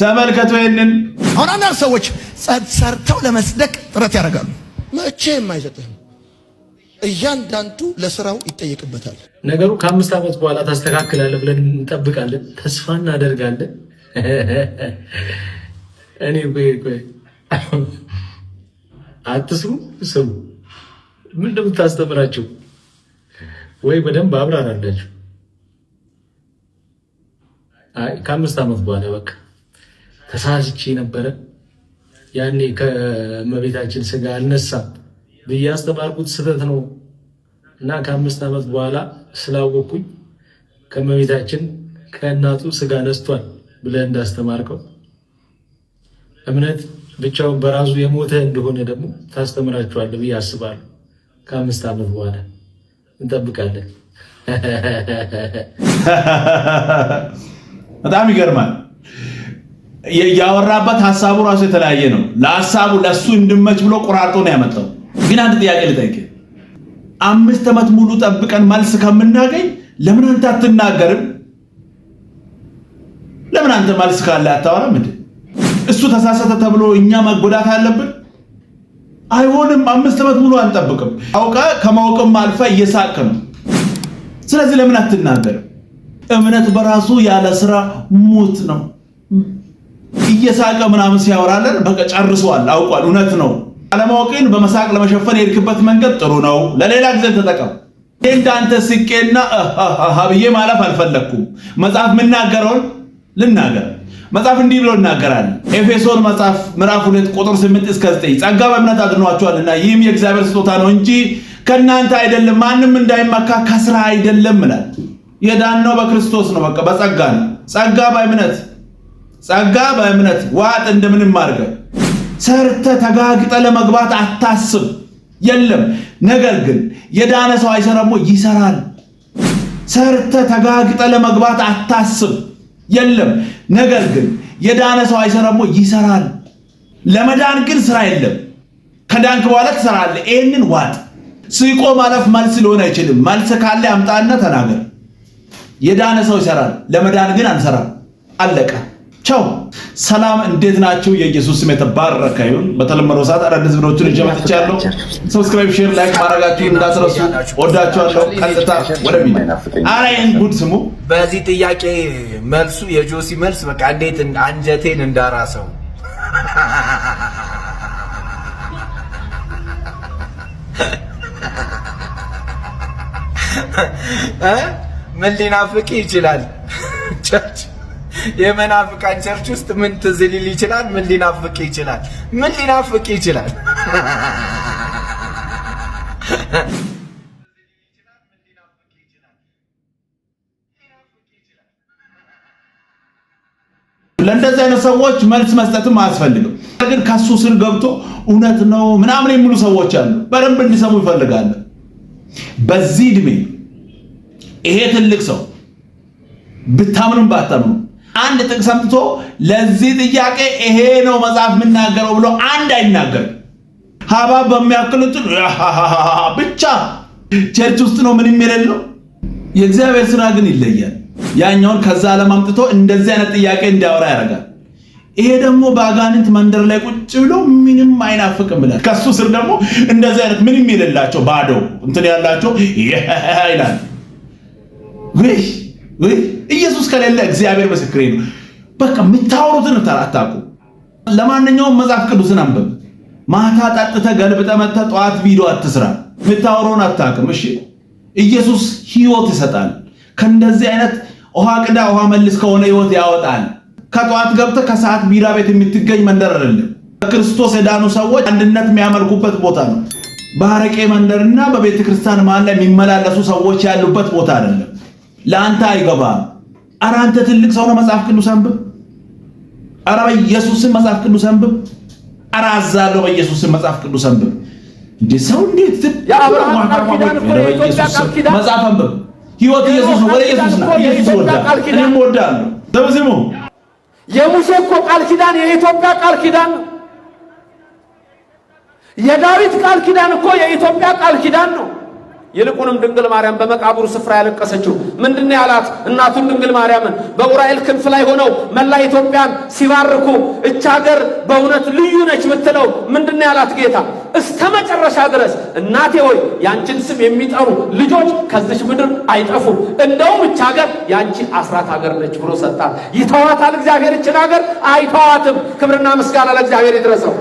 ተመልከቱ። ይህንን አሁን አንዳንድ ሰዎች ሰርተው ለመስደቅ ጥረት ያደርጋሉ። መቼም አይሰጥህም። እያንዳንዱ ለስራው ይጠየቅበታል። ነገሩ ከአምስት ዓመት በኋላ ታስተካክላለ ብለን እንጠብቃለን፣ ተስፋ እናደርጋለን። እኔ አትስሙ ስሙ። ምን እንደምታስተምራችሁ ወይ በደንብ አብራራላችሁ። ከአምስት ዓመት በኋላ በቃ ተሳስቼ ነበረ ያኔ ከእመቤታችን ስጋ አልነሳም ብዬ አስተማርኩት ስህተት ነው እና ከአምስት ዓመት በኋላ ስላወቅኩኝ ከእመቤታችን ከእናቱ ስጋ ነስቷል ብለህ እንዳስተማርከው እምነት ብቻውን በራሱ የሞተ እንደሆነ ደግሞ ታስተምራችኋለህ ብዬ አስባለሁ። ከአምስት ዓመት በኋላ እንጠብቃለን። በጣም ይገርማል። ያወራበት ሀሳቡ ራሱ የተለያየ ነው። ለሀሳቡ ለሱ እንድመች ብሎ ቆራርጦ ነው ያመጣው። ግን አንድ ጥያቄ ልጠይቅ፣ አምስት ዓመት ሙሉ ጠብቀን መልስ ከምናገኝ ለምን አንተ አትናገርም? ለምን አንተ መልስ ካለ አታወራም? እንደ እሱ ተሳሰተ ተብሎ እኛ መጎዳት አለብን? አይሆንም። አምስት ዓመት ሙሉ አንጠብቅም። አውቀ ከማወቅም አልፋ እየሳቅ ነው። ስለዚህ ለምን አትናገርም? እምነት በራሱ ያለ ስራ ሙት ነው። እየሳቀ ምናምን ሲያወራለን በቃ ጨርሷል፣ አውቋል። እውነት ነው። አለማወቅን በመሳቅ ለመሸፈን የሄድክበት መንገድ ጥሩ ነው። ለሌላ ጊዜ ተጠቀም። እንዳንተ ስቄና ሀብዬ ማለፍ አልፈለግኩም። መጽሐፍ የምናገረውን ልናገር። መጽሐፍ እንዲህ ብሎ እናገራል። ኤፌሶን መጽሐፍ ምዕራፍ 2 ቁጥር 8 እስከ 9 ጸጋ በእምነት አድኗቸዋልና ይህም የእግዚአብሔር ስጦታ ነው እንጂ ከእናንተ አይደለም፣ ማንም እንዳይመካ ከስራ አይደለም ይላል። የዳነው በክርስቶስ ነው። በቃ በጸጋ ነው። ጸጋ በእምነት ጸጋ በእምነት ዋጥ እንደምንም አድርገ ሰርተ ተጋግጠ ለመግባት አታስብ። የለም ነገር ግን የዳነ ሰው አይሰራም፣ ይሰራል። ሰርተ ተጋግጠ ለመግባት አታስብ። የለም ነገር ግን የዳነ ሰው አይሰራም፣ ይሰራል። ለመዳን ግን ስራ የለም። ከዳንክ በኋላ ትሰራለህ። ይህንን ዋጥ። ስቆ ማለፍ መልስ ሊሆን አይችልም። መልስ ካለ አምጣና ተናገር። የዳነ ሰው ይሰራል፣ ለመዳን ግን አንሰራም። አለቀ። ቻው ሰላም፣ እንዴት ናችሁ? የኢየሱስ ስም የተባረከ ይሁን። በተለመደው ሰዓት አዳዲስ ቪዲዮዎችን ይዤ መጥቻለሁ። ሰብስክራይብ፣ ሼር፣ ላይክ ማድረጋችሁ እንዳትረሱ። ወዳችኋለሁ። ቀጥታ ወደ አራይን ጉድ ስሙ። በዚህ ጥያቄ መልሱ የጆሲ መልስ በቃ እንዴት አንጀቴን እንዳራሰው ምን ሊናፍቅ ይችላል? የመናፍቃን ቸርች ውስጥ ምን ትዝ ሊል ይችላል? ምን ሊናፍቅ ይችላል? ምን ሊናፍቅ ይችላል? ለእንደዚህ አይነት ሰዎች መልስ መስጠትም አያስፈልግም። ግን ከሱ ስር ገብቶ እውነት ነው ምናምን የሚሉ ሰዎች አሉ። በደንብ እንዲሰሙ ይፈልጋል። በዚህ እድሜ ይሄ ትልቅ ሰው ብታምንም ባታምኑ አንድ ጥቅስ አምጥቶ ለዚህ ጥያቄ ይሄ ነው መጽሐፍ የምናገረው ብሎ አንድ አይናገርም። ሀባ በሚያክሉት ብቻ ቸርች ውስጥ ነው ምንም የሌለው። የእግዚአብሔር ስራ ግን ይለያል። ያኛውን ከዛ ለማምጥቶ እንደዚህ አይነት ጥያቄ እንዲያወራ ያደርጋል። ይሄ ደግሞ በአጋንንት መንደር ላይ ቁጭ ብሎ ምንም አይናፍቅም ብላል። ከሱ ስር ደግሞ እንደዚህ አይነት ምንም የሌላቸው ባዶ እንትን ያላቸው ይላል። ኢየሱስ ከሌለ እግዚአብሔር ምስክሬ ነው። በቃ የምታወሩትን አታውቁ። ለማንኛውም መጽሐፍ ቅዱስን አንብብ። ማታ ጠጥተ ገልብጠ መጥተ ጠዋት ቪዲዮ አትስራ። የምታወሩን አታውቅም። እሺ ኢየሱስ ህይወት ይሰጣል። ከእንደዚህ አይነት ውሃ ቅዳ ውሃ መልስ ከሆነ ህይወት ያወጣል። ከጠዋት ገብተ ከሰዓት ቢራ ቤት የምትገኝ መንደር አይደለም። በክርስቶስ የዳኑ ሰዎች አንድነት የሚያመልኩበት ቦታ ነው። በአረቄ መንደርና በቤተ ክርስቲያን መሃል ላይ የሚመላለሱ ሰዎች ያሉበት ቦታ አይደለም። ለአንተ አይገባም። አረ አንተ ትልቅ ሰው ነው። መጽሐፍ ቅዱስ አንብብ። አረ በኢየሱስን መጽሐፍ ቅዱስ አንብብ። አረ አዛለው በኢየሱስን መጽሐፍ ቅዱስ አንብብ። እንዴ ሰው እንዴት የአብርሃም ቃል ኪዳን መጽሐፍ አንብብ። ህይወት ኢየሱስ ነው። ወደ ኢየሱስ ነው። ኢየሱስ ወዳል። እኔም ወዳለሁ። ተብዝሙ የሙሴ እኮ ቃል ኪዳን የኢትዮጵያ ቃል ኪዳን ነው። የዳዊት ቃል ኪዳን እኮ የኢትዮጵያ ቃል ኪዳን ነው። ይልቁንም ድንግል ማርያም በመቃብሩ ስፍራ ያለቀሰችው ምንድነው ያላት? እናቱን ድንግል ማርያምን በዑራኤል ክንፍ ላይ ሆነው መላ ኢትዮጵያን ሲባርኩ እች በእውነት ልዩ ነች ብትለው ምንድነው ያላት? ጌታ እስከ መጨረሻ ድረስ እናቴ ሆይ ያንቺን ስም የሚጠሩ ልጆች ከዚች ምድር አይጠፉ እንደውም እች ሀገር ያንቺ አስራት ሀገር ነች ብሎ ሰጣት። ይተዋታል እግዚአብሔር እችን ሀገር አይተዋትም። ክብርና ምስጋና ለእግዚአብሔር ይድረሰው።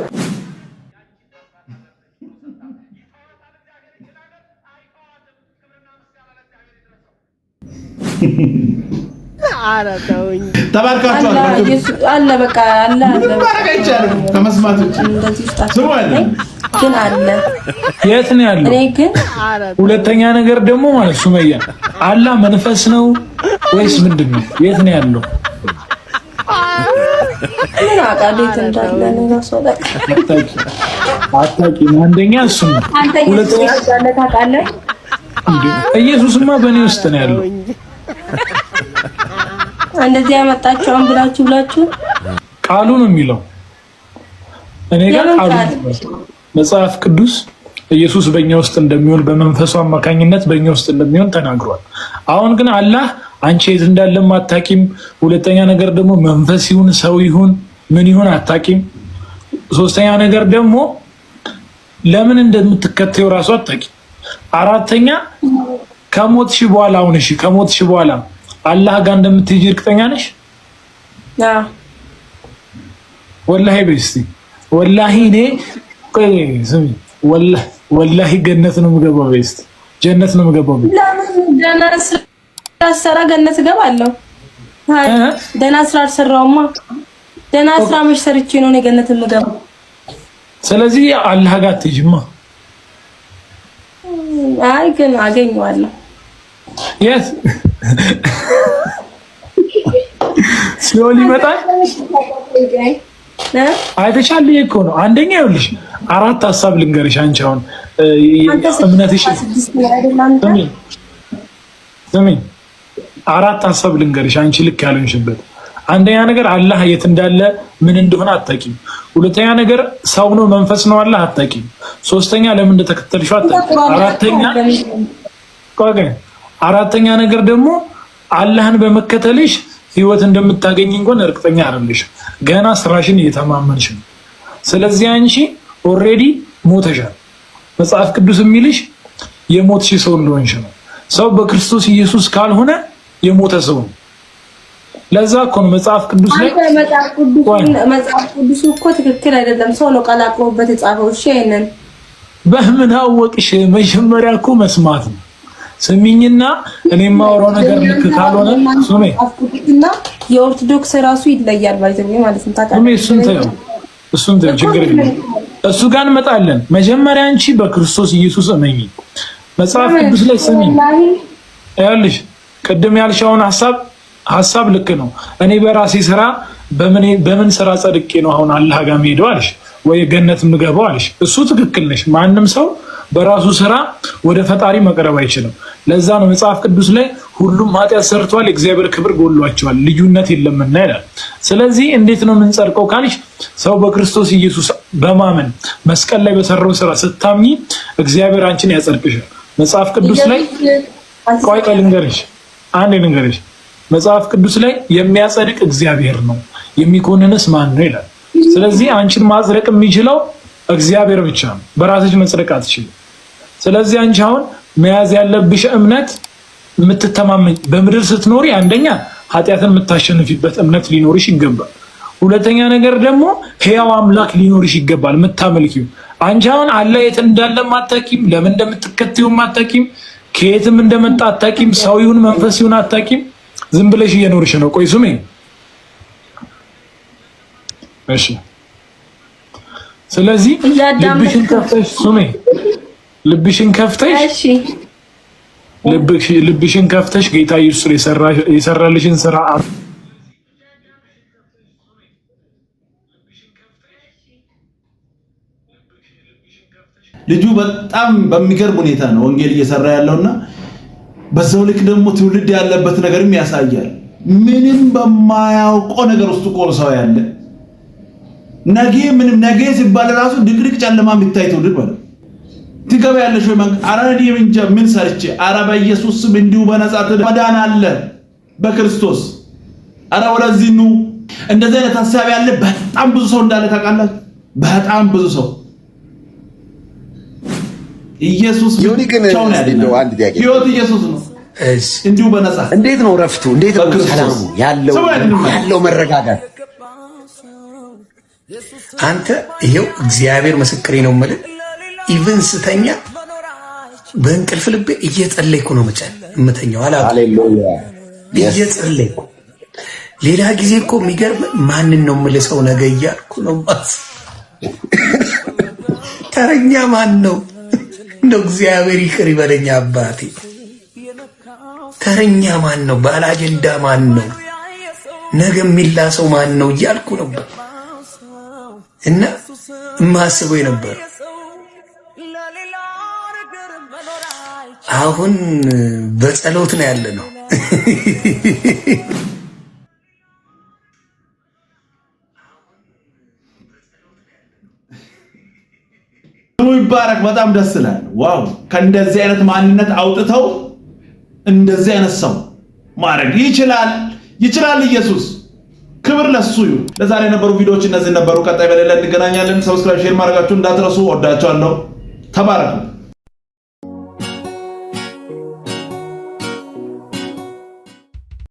ኧረ ተውኝ። ተባርካችኋል። አለ በቃ አለ አለ ማድረግ አይቻልም። ከመስማት ውጪ ስሙ አለ ግን አለ የት ነው ያለው? እኔ ግን ሁለተኛ ነገር ደግሞ ማለት ሱመያ አላ መንፈስ ነው ወይስ ምንድን ነው? የት ነው ያለው? ምን አንደኛ እሱ ነው። ኢየሱስማ በእኔ ውስጥ ነው ያለው እንደዚህ ያመጣቸውን ብላችሁ ብላችሁ ቃሉ ነው የሚለው። እኔ ጋር ቃሉ መጽሐፍ ቅዱስ ኢየሱስ በእኛ ውስጥ እንደሚሆን በመንፈሱ አማካኝነት በእኛ ውስጥ እንደሚሆን ተናግሯል። አሁን ግን አላህ አንቺ የት እንዳለም አታቂም። ሁለተኛ ነገር ደግሞ መንፈስ ይሁን ሰው ይሁን ምን ይሁን አታቂም። ሶስተኛ ነገር ደግሞ ለምን እንደምትከተው እራሱ አታቂም። አራተኛ ከሞት ሺ በኋላ አሁን እሺ ሺ በኋላ አላህ ጋር እንደምትሄጂ እርግጠኛ ነሽ? ወላሂ በይ እስኪ ወላሂ እኔ ወላሂ ገነት ነው የምገባው። በይ ጀነት ነው የምገባው። ስራ ገነት እገባለሁ። ደህና ስራ አልሰራውማ። ደህና ስራ መች ሰርቼ ነው ገነት የምገባው? ስለዚህ አላህ ጋር አትሄጂማ። አይ ግን አገኘዋለሁ የት ሲኦል ይመጣል? አይተሻል? ይሄ እኮ ነው። አንደኛ ይኸውልሽ አራት ሀሳብ ልንገርሽ። አንቺ አሁን እምነትሽ ስሚ፣ አራት ሀሳብ ልንገርሽ አንቺ ልክ ያልሆንሽበት። አንደኛ ነገር አላህ የት እንዳለ ምን እንደሆነ አታውቂም። ሁለተኛ ነገር ሰው ነው መንፈስ ነው አላህ አታውቂም። ሶስተኛ ለምን እንደተከተልሽው አታውቂም። አራተኛ ቆይ አራተኛ ነገር ደግሞ አላህን በመከተልሽ ህይወት እንደምታገኝ እንኳን እርግጠኛ አይደለሽ። ገና ስራሽን እየተማመንሽ ነው። ስለዚህ አንቺ ኦሬዲ ሞተሻል። መጽሐፍ ቅዱስ የሚልሽ የሞትሽ ሰው እንደሆንሽ ነው። ሰው በክርስቶስ ኢየሱስ ካልሆነ የሞተ ሰው ነው። ለዛ እኮ ነው መጽሐፍ ቅዱስ ላይ መጽሐፍ ቅዱስ እኮ ትክክል አይደለም። ሰው ነው ቀላቅሎበት የጻፈው። እሺ ይሄንን በምን አወቅሽ? መጀመሪያ እኮ መስማት ነው ስሚኝና እኔ የማወራው ነገር ልክ ካልሆነ ስሜ እና የኦርቶዶክስ ራሱ ይለያል ማለት ማለት ነው። ታውቃለህ እሱን ተይው፣ እሱን ተይው፣ ችግር የለም እሱ ጋር እንመጣለን። መጀመሪያ አንቺ በክርስቶስ ኢየሱስ እመኚ። መጽሐፍ ቅዱስ ላይ ስሚኝ። ያልሽ ቅድም ያልሻውን ሐሳብ ሐሳብ ልክ ነው። እኔ በራሴ ስራ በምን በምን ስራ ጸድቄ ነው አሁን አላህ ጋር የምሄደው አለሽ ወይ ገነት የምገባው አለሽ። እሱ ትክክል ነሽ። ማንም ሰው በራሱ ስራ ወደ ፈጣሪ መቅረብ አይችልም። ለዛ ነው መጽሐፍ ቅዱስ ላይ ሁሉም ኃጢአት ሰርቷል፣ እግዚአብሔር ክብር ጎሏቸዋል፣ ልዩነት የለምና ይላል። ስለዚህ እንዴት ነው የምንጸድቀው ካልሽ ሰው በክርስቶስ ኢየሱስ በማመን መስቀል ላይ በሰራው ስራ ስታምኚ እግዚአብሔር አንቺን ያጸድቅሻል። መጽሐፍ ቅዱስ ላይ ቆይ ቆይ ልንገርሽ፣ አንዴ ልንገርሽ። መጽሐፍ ቅዱስ ላይ የሚያጸድቅ እግዚአብሔር ነው፣ የሚኮንንስ ማን ነው ይላል። ስለዚህ አንቺን ማጽደቅ የሚችለው እግዚአብሔር ብቻ ነው። በራስሽ መጽደቅ አትችልም። ስለዚህ አንቺ አሁን መያዝ ያለብሽ እምነት የምትተማመኝ በምድር ስትኖሪ አንደኛ ኃጢአትን የምታሸንፊበት እምነት ሊኖርሽ ይገባል። ሁለተኛ ነገር ደግሞ ህያው አምላክ ሊኖርሽ ይገባል የምታመልኪው። አንቺ አሁን አለ የት እንዳለ አታቂም፣ ለምን እንደምትከትዩ አታቂም፣ ከየትም እንደመጣ አታቂም፣ ሰው ይሁን መንፈስ ይሁን አታቂም። ዝም ብለሽ እየኖርሽ ነው። ቆይ ስሜ እሺ። ስለዚህ ልብሽን ከፍተሽ ሱሜ ልብሽን ከፍተሽ እሺ ልብሽን ከፍተሽ ጌታ ኢየሱስ የሰራልሽን ስራ ልጁ በጣም በሚገርም ሁኔታ ነው ወንጌል እየሰራ ያለውና በዛው ልክ ደግሞ ትውልድ ያለበት ነገርም ያሳያል። ምንም በማያውቀው ነገር ውስጥ ቆሎ ሰው ያለ ነገ ምንም ነገ ሲባል ራሱ ድቅድቅ ጨለማ የሚታይ ትውልድ ማለት ትገበያለሽ ወይ? መንገድ ኧረ እኔ እንጃ ምን ሰርቼ፣ ኧረ በኢየሱስ ስም እንዲሁ በነጻ መዳን አለ በክርስቶስ። ኧረ ወደዚህ ኑ። እንደዚህ አይነት ሀሳብ ያለ በጣም ብዙ ሰው እንዳለ ታውቃላችሁ። በጣም ብዙ ሰው ኢየሱስ እንደው አንድ ህይወት ኢየሱስ ነው። እሺ እንዲሁ በነጻ እንዴት ነው ረፍቱ? እንዴት ነው ሰላሙ ያለው ያለው መረጋጋት? አንተ ይሄው እግዚአብሔር ምስክሬ ነው የምልህ ኢቨን ስተኛ በእንቅልፍ ልቤ እየጸለይኩ ነው ምጨን እምተኛው አላ እየጸለይኩ ሌላ ጊዜ እኮ የሚገርም ማንን ነው የምልሰው ነገ እያልኩ ነው ባስ ተረኛ ማን ነው እንደው እግዚአብሔር ይቅር ይበለኝ አባቴ ተረኛ ማን ነው ባለ አጀንዳ ማን ነው ነገ የሚላሰው ማን ነው እያልኩ ነበር እና እማስበው የነበረው አሁን በጸሎት ነው ያለ ነው። ይባረክ። በጣም ደስ ይላል። ዋው! ከእንደዚህ አይነት ማንነት አውጥተው እንደዚህ አይነት ሰው ማድረግ ይችላል ይችላል ኢየሱስ። ክብር ለሱ ይሁን። ለዛሬ የነበሩ ቪዲዮዎች እነዚህ ነበሩ። ቀጣይ በሌላ እንገናኛለን። ሰብስክራይብ፣ ሼር ማድረጋችሁ እንዳትረሱ። ወዳችኋለሁ። ተባረኩ።